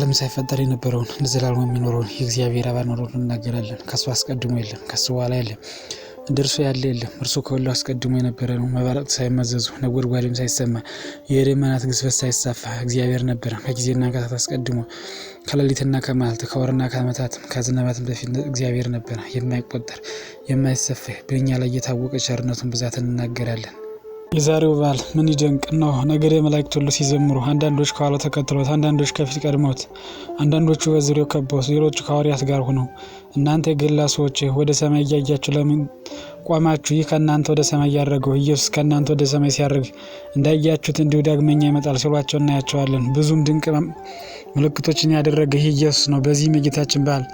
ዓለም ሳይፈጠር የነበረውን ለዘላለም የሚኖረውን የእግዚአብሔር አባል እናገራለን። ከሱ አስቀድሞ የለም፣ ከሱ በኋላ የለም፣ እንደ እርሱ ያለ የለም። እርሱ ከሁሉ አስቀድሞ የነበረ ነው። መባረቅት ሳይመዘዙ ነጎድጓድም ሳይሰማ የደመናት ግዝፈት ሳይሳፋ እግዚአብሔር ነበረ። ከጊዜና ከሰዓት አስቀድሞ ከሌሊትና ከመዓልት ከወርና ከዓመታትም ከዝናባትም በፊት እግዚአብሔር ነበረ። የማይቆጠር የማይሰፋ በእኛ ላይ የታወቀ ቸርነቱን ብዛት እንናገራለን። የዛሬው በዓል ምን ይደንቅ ነው! ነገር መላእክት ሁሉ ሲዘምሩ፣ አንዳንዶች ከኋላው ተከትለውት፣ አንዳንዶች ከፊት ቀድመውት፣ አንዳንዶቹ በዙሪያው ከበውት፣ ሌሎቹ ከሐዋርያት ጋር ሆነው፣ እናንተ የገሊላ ሰዎች ወደ ሰማይ እያያችሁ ለምን ቆማችሁ? ይህ ከእናንተ ወደ ሰማይ ያረገው ኢየሱስ ከእናንተ ወደ ሰማይ ሲያርግ እንዳያችሁት እንዲሁ ዳግመኛ ይመጣል ሲሏቸው እናያቸዋለን። ብዙም ድንቅ ምልክቶችን ያደረገ ይህ ኢየሱስ ነው። በዚህም የጌታችን በዓል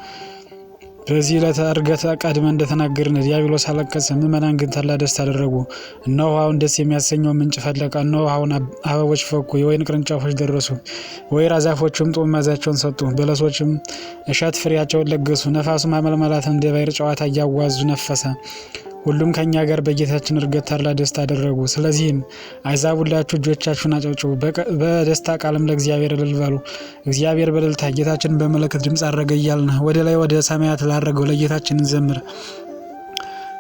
በዚህ ዕለት ዕርገት ቀድመ እንደተናገርን ዲያብሎስ አለቀሰ፣ ምዕመናን ግን ታላቅ ደስ አደረጉ። እነሆ አሁን ደስ የሚያሰኘው ምንጭ ፈለቀ፣ እነሆ አሁን አበቦች ፈኩ፣ የወይን ቅርንጫፎች ደረሱ፣ ወይራ ዛፎችም ጡም መዛቸውን ሰጡ፣ በለሶችም እሸት ፍሬያቸውን ለገሱ። ነፋሱም አመልማላትን እንደ ባሕር ጨዋታ እያዋዙ ነፈሰ። ሁሉም ከእኛ ጋር በጌታችን እርገት ታላ ደስታ አደረጉ። ስለዚህም አሕዛብ ሁላችሁ እጆቻችሁን አጨብጭቡ፣ በደስታ ቃልም ለእግዚአብሔር እልል በሉ። እግዚአብሔር በእልልታ ጌታችንን በመለከት ድምፅ አረገ እያልን ወደ ላይ ወደ ሰማያት ላረገው ለጌታችን እንዘምር።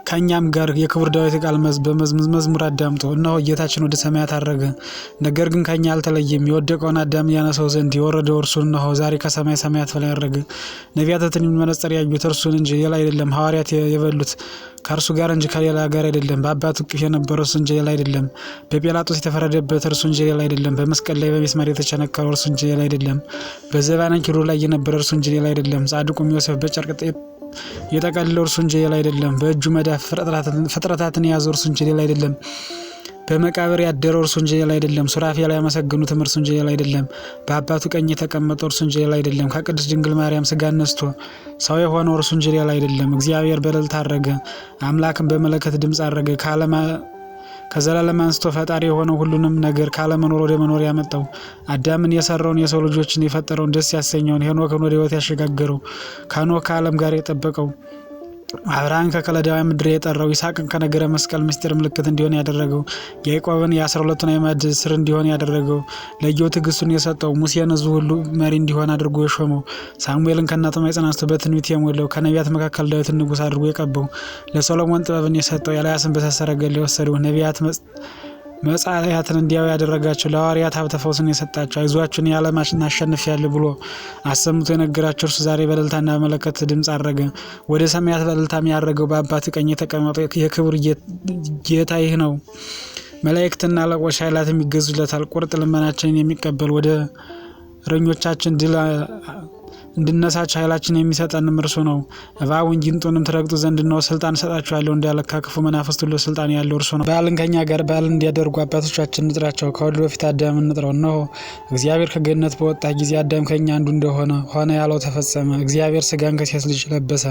ከእኛም ጋር የክቡር ዳዊት ቃል በመዝሙር አዳምጦ እነሆ ጌታችን ወደ ሰማያት አረገ፣ ነገር ግን ከእኛ አልተለየም። የወደቀውን አዳም ያነሰው ዘንድ የወረደው እርሱ እነሆ ዛሬ ከሰማይ ሰማያት በላይ አረገ። ነቢያት በትንቢት መነጽር ያዩት እርሱን እንጂ ሌላ አይደለም። ሐዋርያት የበሉት ከእርሱ ጋር እንጂ ከሌላ ጋር አይደለም። በአባቱ እቅፍ የነበረው እርሱ እንጂ ሌላ አይደለም። በጲላጦስ የተፈረደበት እርሱ እንጂ ሌላ አይደለም። በመስቀል ላይ በሚስማር የተቸነከረው እርሱ እንጂ ሌላ አይደለም። በዘባነ ኪሩ ላይ የነበረ እርሱ እንጂ ሌላ አይደለም። ጻድቁም ዮሴፍ በጨርቅ የጠቀለለው እርሱ እንጂ ሌላ አይደለም። በእጁ መዳፍ ፍጥረታትን የያዘው እርሱ እንጂ ሌላ አይደለም። በመቃብር ያደረው እርሱ እንጀል አይደለም። ሱራፌል ያመሰገኑትም እርሱ እንጀል አይደለም። በአባቱ ቀኝ የተቀመጠው እርሱ እንጀል አይደለም። ከቅድስት ድንግል ማርያም ስጋ ነስቶ ሰው የሆነው እርሱ እንጀል አይደለም። እግዚአብሔር በእልልታ አረገ፣ አምላክም በመለከት ድምፅ አረገ። ከዘላለም አንስቶ ፈጣሪ የሆነው ሁሉንም ነገር ካለመኖር ወደ መኖር ያመጣው አዳምን የሰራውን የሰው ልጆችን የፈጠረውን ደስ ያሰኘውን ሄኖክን ወደ ሕይወት ያሸጋገረው ከኖህ ከዓለም ጋር የጠበቀው አብርሃም ከከለዳውያን ምድር የጠራው ይስሐቅን ከነገረ መስቀል ምስጢር ምልክት እንዲሆን ያደረገው ያዕቆብን የአስራ ሁለቱን አዕማድ ስር እንዲሆን ያደረገው ለጊዮት ትዕግስቱን የሰጠው ሙሴን ሕዝቡ ሁሉ መሪ እንዲሆን አድርጎ የሾመው ሳሙኤልን ከእናቱ ማኅፀን አንስቶ በትንቢት የሞላው ከነቢያት መካከል ዳዊትን ንጉሥ አድርጎ የቀባው ለሶሎሞን ጥበብን የሰጠው ኤልያስን በሰረገላ የወሰደው ነቢያት መጻሕያትን እንዲያው ያደረጋቸው ለሐዋርያት ሀብተ ፈውስን የሰጣቸው አይዟችሁን የዓለማችን ያለ ብሎ አሰምቶ የነገራቸው እርሱ ዛሬ በእልልታና በመለከት ድምፅ አረገ። ወደ ሰማያት በእልልታም ያረገው በአባት ቀኝ የተቀመጠ የክብር ጌታ ይህ ነው። መላእክትና አለቆች ኃይላት የሚገዙለታል። ቁርጥ ልመናችንን የሚቀበል ወደ እረኞቻችን ድል እንድነሳች ኃይላችን የሚሰጠንም እርሱ ነው። እባቡን ጊንጡንም ትረግጡ ዘንድ ነው ስልጣን እሰጣችኋለሁ እንዳለ ክፉ መናፍስት ሁሉ ስልጣን ያለው እርሱ ነው። በዓልን ከኛ ጋር በዓል እንዲያደርጉ አባቶቻችን ንጥራቸው፣ ከሁሉ በፊት አዳም እንጥረው። እነሆ እግዚአብሔር ከገነት በወጣ ጊዜ አዳም ከኛ አንዱ እንደሆነ ሆነ ያለው ተፈጸመ። እግዚአብሔር ስጋን ከሴት ልጅ ለበሰ፣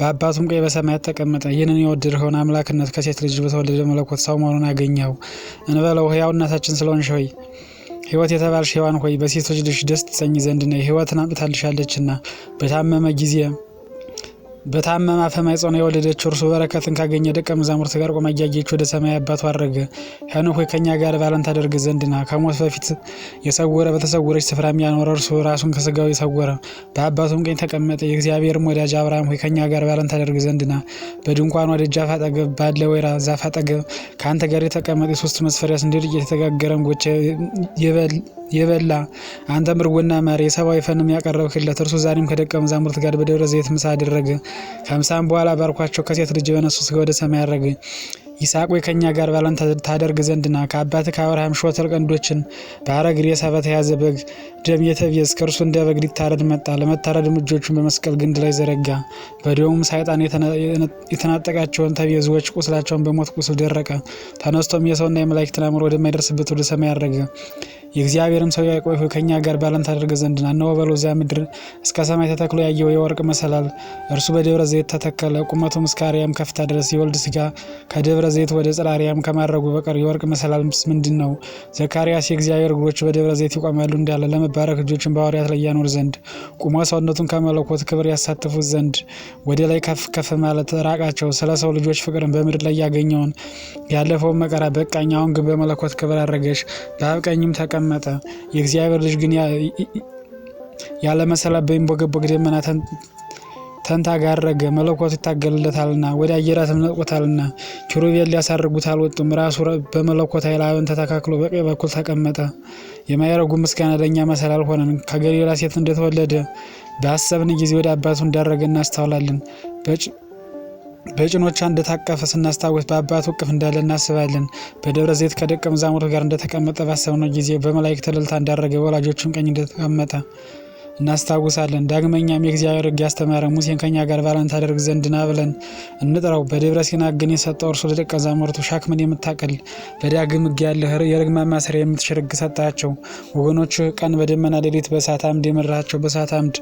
በአባቱም ቀኝ በሰማያት ተቀመጠ። ይህንን የወደድኸውን አምላክነት ከሴት ልጅ በተወለደ መለኮት ሰው መሆኑን አገኘው እንበለው። ሕያው እናታችን ስለሆንሽ ሆይ ሕይወት የተባልሽ ሔዋን ሆይ በሴቶች ልጅ ደስ ትሰኝ ዘንድ ነው። ሕይወትን አምጥታልሻለችና በታመመ ጊዜ በታመመ አፈ ማይጸኗ የወለደች እርሱ በረከትን ካገኘ ደቀ መዛሙርት ጋር ቆማ እያየች ወደ ሰማይ አባቱ አድረገ ሄኖክ ሆይ ከእኛ ጋር ባለን ታደርግ ዘንድ ና። ከሞት በፊት የሰወረ በተሰወረች ስፍራ የሚያኖረ እርሱ ራሱን ከስጋው የሰወረ በአባቱም ቀኝ ተቀመጠ። የእግዚአብሔርም ወዳጅ አብርሃም ሆይ ከእኛ ጋር ባለን ታደርግ ዘንድ ና። በድንኳኗ ደጃፍ አጠገብ ባለ ወይራ ዛፍ አጠገብ ከአንተ ጋር የተቀመጠ የሶስት መስፈሪያ ስንዴ ዱቄት የተጋገረ እንጎቻ የበላ አንተ ምርጎና ማር የሰብአዊ ፈንም ያቀረብክለት እርሱ ዛሬም ከደቀ መዛሙርት ጋር በደብረ ዘይት ምሳ አደረገ። ከምሳም በኋላ ባርኳቸው ከሴት ልጅ በነሱ ስጋ ወደ ሰማይ ያረግ ይስሐቅ ወይ ከእኛ ጋር ባለን ታደርግ ዘንድና ከአባት ከአብርሃም ሾተል ቀንዶችን በአረግ ሬሳ በተያዘ በግ ደም የተቤዘ እርሱ እንደ በግ ሊታረድ መጣ። ለመታረድም እጆቹን በመስቀል ግንድ ላይ ዘረጋ። በደሙም ሳይጣን የተናጠቃቸውን ተቤዝዎች ቁስላቸውን በሞት ቁስል ደረቀ። ተነስቶም የሰውና የመላእክትን አእምሮ ወደማይደርስበት ወደ ሰማይ ያረገ የእግዚአብሔርም ሰው ያዕቆብ ሆይ ከእኛ ጋር ባለም ታደርገ ዘንድ ና እነሆ እዚያ ምድር እስከ ሰማይ ተተክሎ ያየው የወርቅ መሰላል እርሱ በደብረ ዘይት ተተከለ። ቁመቱም እስከ አርያም ከፍታ ድረስ የወልድ ስጋ ከደብረ ዘይት ወደ ጽራርያም ከማድረጉ በቀር የወርቅ መሰላል ምንድን ነው? ዘካርያስ የእግዚአብሔር እግሮች በደብረ ዘይት ይቆማሉ እንዳለ ለመባረክ ልጆችን በሐዋርያት ላይ ያኖር ዘንድ ቁሞ ሰውነቱን ከመለኮት ክብር ያሳትፉ ዘንድ ወደ ላይ ከፍ ከፍ ማለት ራቃቸው። ስለ ሰው ልጆች ፍቅርን በምድር ላይ ያገኘውን ያለፈውን መቀራ በቃኝ፣ አሁን ግን በመለኮት ክብር አረገሽ በአብቀኝም ቀኝም ተቀመ ተቀመጠ። የእግዚአብሔር ልጅ ግን ያለ መሰላ በሚንቦገቦግ ደመና ተንታጋረገ። መለኮቱ ይታገልለታልና ወደ አየራትም ነጥቆታልና። ኪሩቤል ሊያሳርጉት አልወጡም። ራሱ በመለኮት ኃይል አብን ተተካክሎ በቀኝ በኩል ተቀመጠ። የማይረጉ ምስጋና ለእኛ መሰላል አልሆነን። ከገሊላ ሴት እንደተወለደ በአሰብን ጊዜ ወደ አባቱ እንዳረገ እናስተውላለን። በጭኖቿ እንደታቀፈ ስናስታውስ በአባቱ እቅፍ እንዳለ እናስባለን። በደብረ ዘይት ከደቀ መዛሙርት ጋር እንደተቀመጠ ባሰብነው ጊዜ በመላእክት ተልልታ እንዳረገ በወላጆቹም ቀኝ እንደተቀመጠ እናስታውሳለን። ዳግመኛም የእግዚአብሔር ሕግ ያስተማረ ሙሴን ከኛ ጋር ባሪያን ታደርግ ዘንድ ና ብለን እንጥረው። በደብረ ሲና ግን የሰጠው እርሱ ለደቀ መዛሙርቱ ሸክምን የምታቀል በዳግም ሕግ ያለህ የርግማ ማሰሪያ የምትሽር ሕግ ሰጣቸው። ወገኖቹ ቀን በደመና ሌሊት በእሳት አምድ የመራቸው በእሳት አምድ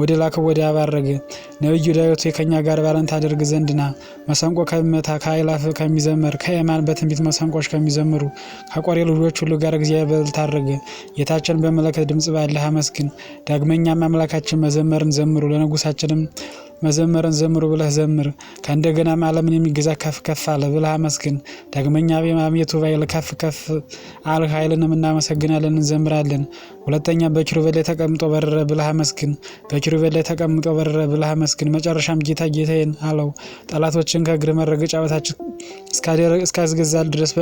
ወደ ላከው ወደ አባረገ ነቢዩ ዳዊት የከኛ ጋር ባሪያን ታደርግ ዘንድ ና መሰንቆ ከመታ ከአይላፍ ከሚዘመር ከየማን በትንቢት መሰንቆች ከሚዘምሩ ከቆሬ ልጆች ሁሉ ጋር እግዚአብሔር ታረገ። ጌታችን በመለከት ድምጽ ባለህ አመስግን። ዳግመ እኛም አምላካችን መዘመርን ዘምሩ ለንጉሳችንም መዘመርን ዘምሩ ብለህ ዘምር። ከእንደገናም ዓለምን የሚገዛ ከፍ ከፍ አለ ብለህ አመስግን። ዳግመኛ ቤማሜቱ ባይል ከፍ ከፍ አል ኃይልንም እናመሰግናለን እንዘምራለን። ሁለተኛ በኪሩቤል ላይ ተቀምጦ በረረ ብለህ አመስግን። በኪሩቤል ላይ ተቀምጦ በረረ ብለህ አመስግን። መጨረሻም ጌታ ጌታዬን አለው፣ ጠላቶችን ከእግር መረገጫ በታች እስካስገዛል ድረስ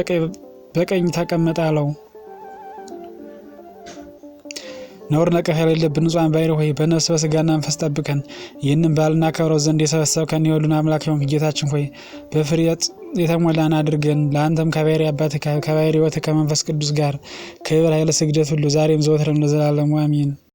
በቀኝ ተቀመጠ አለው። ነውር ነቀፍ የሌለብን ንጹሐን ባሕርይ ሆይ በነፍስ በስጋና መንፈስ ጠብቀን። ይህንም በዓልና ከብረው ዘንድ የሰበሰብከን የሁሉን አምላክ የሆንክ ጌታችን ሆይ በፍሬ የተሞላን አድርገን። ለአንተም ከባሕርይ አባት ከባሕርይ ሕይወት ከመንፈስ ቅዱስ ጋር ክብር፣ ኃይለ ስግደት ሁሉ ዛሬም ዘወትርም ለዘላለሙ አሚን።